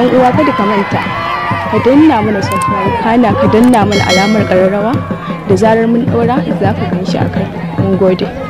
dan uwa kada ka manta ka danna mana subscribe kana ka danna mana alamar kararrawa da zarar mun ɗora za ka ganshi shi a kai mun gode